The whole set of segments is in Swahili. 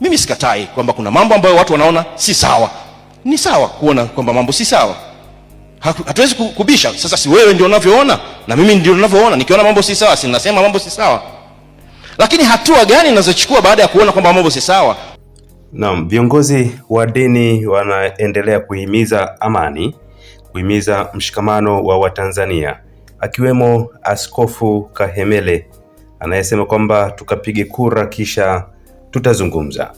Mimi sikatai kwamba kuna mambo ambayo watu wanaona si sawa. Ni sawa kuona kwamba mambo si sawa, hatuwezi kubisha. Sasa si wewe ndio unavyoona na mimi ndio ninavyoona. Nikiona mambo si sawa, si nasema mambo si sawa, lakini hatua gani ninazochukua baada ya kuona kwamba mambo si sawa? Naam, viongozi wa dini wanaendelea kuhimiza amani, kuhimiza mshikamano wa Watanzania, akiwemo Askofu Kahemele anayesema kwamba tukapige kura kisha tutazungumza.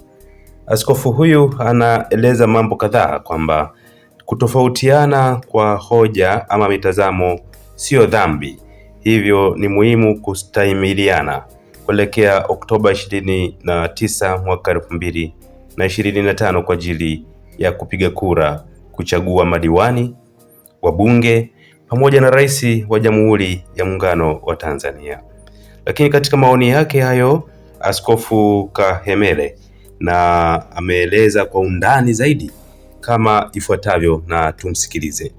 Askofu huyu anaeleza mambo kadhaa kwamba kutofautiana kwa hoja ama mitazamo siyo dhambi, hivyo ni muhimu kustahimiliana kuelekea Oktoba 29 mwaka 225 kwa ajili ya kupiga kura kuchagua madiwani, wa bunge pamoja na rais wa Jamhuri ya Muungano wa Tanzania. Lakini katika maoni yake hayo Askofu Kahemele na ameeleza kwa undani zaidi kama ifuatavyo, na tumsikilize.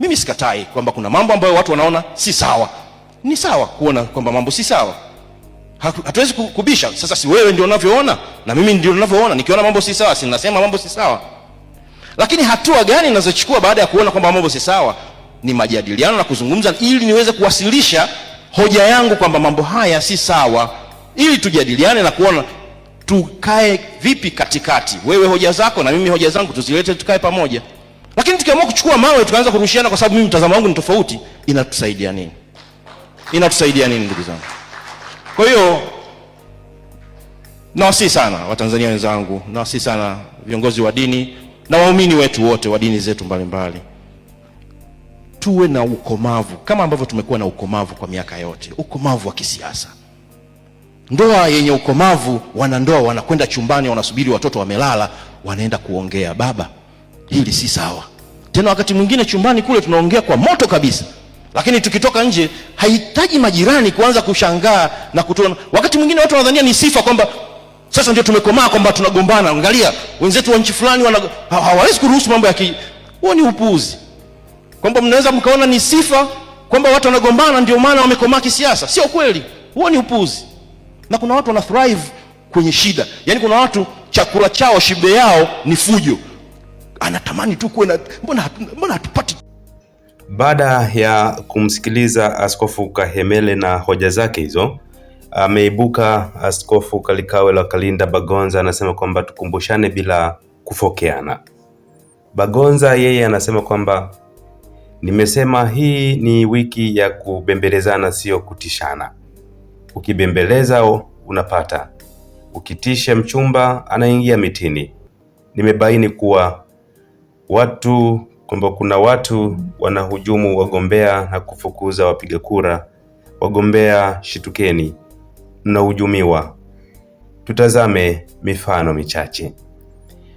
Mimi sikatai kwamba kuna mambo ambayo watu wanaona si sawa. Ni sawa kuona kwamba mambo si sawa, hatuwezi kubisha. Sasa si wewe ndio unavyoona na mimi ndio ninavyoona. Nikiona mambo si sawa, si nasema mambo si sawa, lakini hatua gani ninazochukua baada ya kuona kwamba mambo si sawa? Ni majadiliano na kuzungumza, ili niweze kuwasilisha hoja yangu kwamba mambo haya si sawa ili tujadiliane na kuona tukae vipi katikati, wewe hoja zako na mimi hoja zangu, tuzilete tukae pamoja. Lakini tukiamua kuchukua mawe tukaanza kurushiana, kwa sababu mimi mtazamo wangu ni tofauti, inatusaidia nini? Inatusaidia nini, ndugu zangu? Kwa hiyo nawasihi sana Watanzania wenzangu, nawasihi sana viongozi wa dini na waumini wetu wote wa dini zetu mbalimbali, tuwe na ukomavu kama ambavyo tumekuwa na ukomavu kwa miaka yote, ukomavu wa kisiasa. Ndoa yenye ukomavu, wanandoa wanakwenda chumbani, wanasubiri watoto wamelala, wanaenda kuongea, baba, hili si sawa. Tena wakati mwingine chumbani kule tunaongea kwa moto kabisa, lakini tukitoka nje hahitaji majirani kuanza kushangaa na kutuona. Wakati mwingine watu wanadhania ni sifa kwamba sasa ndio tumekomaa kwamba tunagombana. Angalia wenzetu wa nchi fulani hawawezi kuruhusu mambo ya Huo ni upuuzi, kwamba mnaweza mkaona ni sifa kwamba watu wanagombana ndio maana wamekomaa kisiasa. Sio kweli, huo ni upuuzi na kuna watu wana thrive kwenye shida. Yaani kuna watu chakula chao shibe yao ni fujo, anatamani tu kuwe na mbona, mbona hatupati. Baada ya kumsikiliza Askofu Kahemele na hoja zake hizo, ameibuka Askofu Kalikawe la Kalinda Bagonza, anasema kwamba tukumbushane bila kufokeana. Bagonza yeye anasema kwamba nimesema hii ni wiki ya kubembelezana, sio kutishana ukibembeleza unapata, ukitisha mchumba anaingia mitini. Nimebaini kuwa watu kwamba kuna watu wanahujumu wagombea na kufukuza wapiga kura. Wagombea shitukeni, mnahujumiwa. Tutazame mifano michache.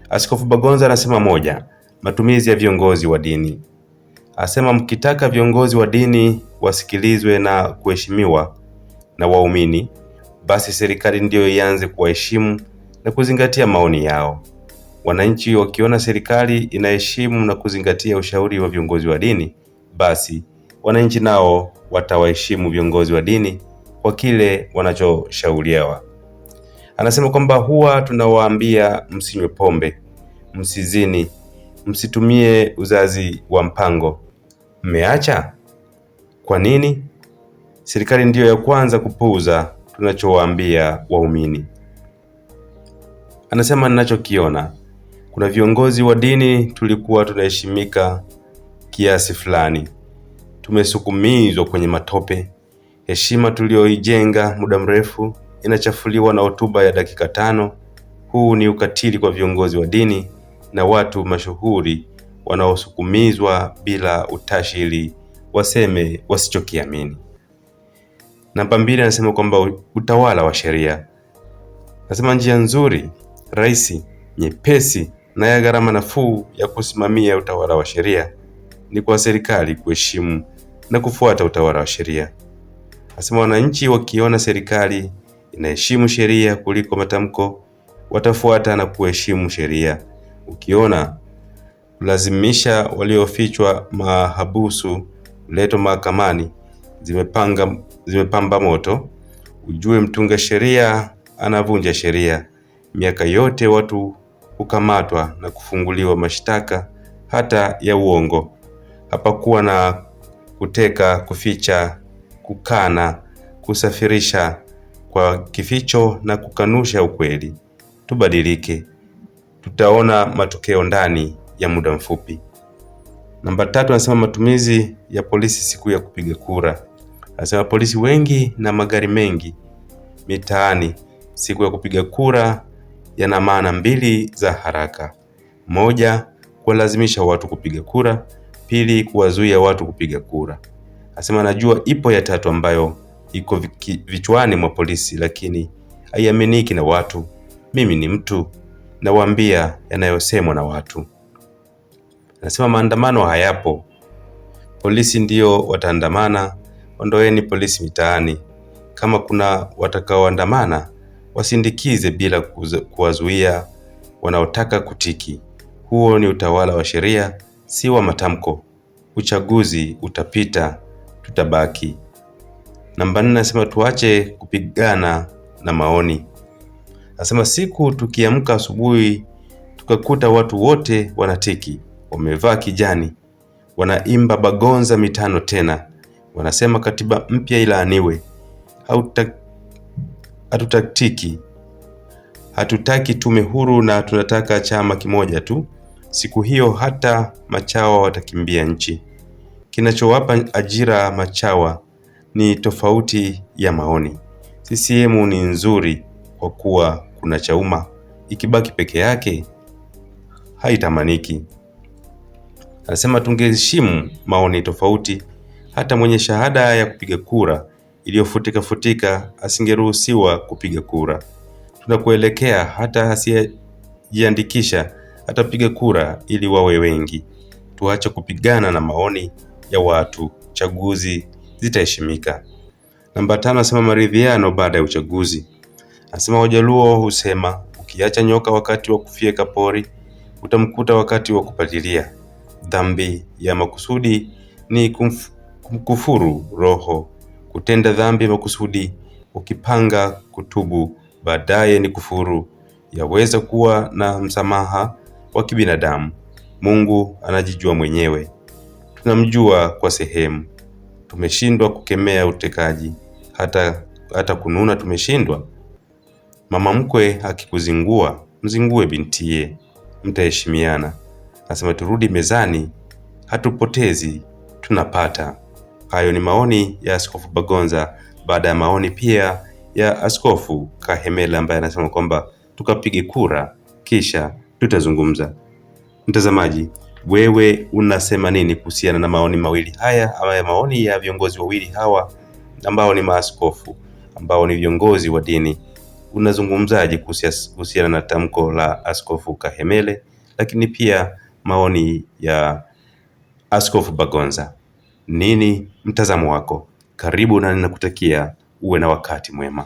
Askofu Bagonza anasema moja, matumizi ya viongozi wa dini. Asema mkitaka viongozi wa dini wasikilizwe na kuheshimiwa, na waumini, basi serikali ndiyo ianze kuwaheshimu na kuzingatia maoni yao. Wananchi wakiona serikali inaheshimu na kuzingatia ushauri wa viongozi wa dini, basi wananchi nao watawaheshimu viongozi wa dini kwa kile wanachoshauriwa. Anasema kwamba huwa tunawaambia msinywe pombe, msizini, msitumie uzazi wa mpango. Mmeacha kwa nini? serikali ndiyo ya kwanza kupuuza tunachowaambia waumini. Anasema ninachokiona, kuna viongozi wa dini tulikuwa tunaheshimika kiasi fulani, tumesukumizwa kwenye matope. Heshima tuliyoijenga muda mrefu inachafuliwa na hotuba ya dakika tano. Huu ni ukatili kwa viongozi wa dini na watu mashuhuri wanaosukumizwa bila utashiri waseme wasichokiamini. Namba mbili anasema kwamba utawala wa sheria, anasema njia nzuri, rahisi, nyepesi na ya gharama nafuu ya kusimamia utawala wa sheria ni kwa serikali kuheshimu na kufuata utawala wa sheria. Anasema wananchi wakiona serikali inaheshimu sheria kuliko matamko, watafuata na kuheshimu sheria. Ukiona lazimisha waliofichwa mahabusu letwa mahakamani, zimepanga zimepamba moto, ujue mtunga sheria anavunja sheria. Miaka yote watu hukamatwa na kufunguliwa mashtaka hata ya uongo. Hapakuwa na kuteka, kuficha, kukana, kusafirisha kwa kificho na kukanusha ukweli. Tubadilike, tutaona matokeo ndani ya muda mfupi. Namba tatu, anasema matumizi ya polisi siku ya kupiga kura. Anasema polisi wengi na magari mengi mitaani siku ya kupiga kura yana maana mbili za haraka: moja, kuwalazimisha watu kupiga kura; pili, kuwazuia watu kupiga kura. Anasema najua ipo ya tatu ambayo iko vichwani mwa polisi, lakini haiaminiki na watu. Mimi ni mtu nawaambia yanayosemwa na watu. Anasema maandamano hayapo, polisi ndio wataandamana, ondoeni polisi mitaani. Kama kuna watakaoandamana, wasindikize bila kuwazuia wanaotaka kutiki. Huo ni utawala wa sheria, si wa matamko. Uchaguzi utapita, tutabaki. Namba nne nasema tuache kupigana na maoni. nasema siku tukiamka asubuhi tukakuta watu wote wanatiki, wamevaa kijani, wanaimba Bagonza mitano tena, Wanasema katiba mpya ilaaniwe. Hatutaktiki, hatutaki tume huru na tunataka chama kimoja tu. Siku hiyo hata machawa watakimbia nchi. Kinachowapa ajira machawa ni tofauti ya maoni. CCM ni nzuri kwa kuwa kuna chauma, ikibaki peke yake haitamaniki. Anasema tungeheshimu maoni tofauti hata mwenye shahada ya kupiga kura iliyofutika futika asingeruhusiwa kupiga kura. Tunakuelekea hata asiyejiandikisha atapiga kura ili wawe wengi. Tuache kupigana na maoni ya watu, chaguzi zitaheshimika. Namba tano, asema maridhiano baada ya uchaguzi. Anasema Wajaluo husema ukiacha nyoka wakati wa kufyeka pori utamkuta wakati wa kupalilia. Dhambi ya makusudi ni kumkufuru Roho, kutenda dhambi makusudi, ukipanga kutubu baadaye ni kufuru, yaweza kuwa na msamaha wa kibinadamu. Mungu anajijua mwenyewe, tunamjua kwa sehemu. Tumeshindwa kukemea utekaji, hata hata kununa tumeshindwa. Mama mkwe akikuzingua mzingue bintiye, mtaheshimiana. Nasema turudi mezani, hatupotezi tunapata. Hayo ni maoni ya Askofu Bagonza baada ya maoni pia ya Askofu Kahemela ambaye anasema kwamba tukapige kura kisha tutazungumza. Mtazamaji, wewe unasema nini kuhusiana na maoni mawili haya ama maoni ya viongozi wawili hawa ambao ni maaskofu ambao ni viongozi wa dini? Unazungumzaje kuhusiana na tamko la Askofu Kahemele, lakini pia maoni ya Askofu Bagonza? Nini mtazamo wako? Karibu na ninakutakia uwe na wakati mwema.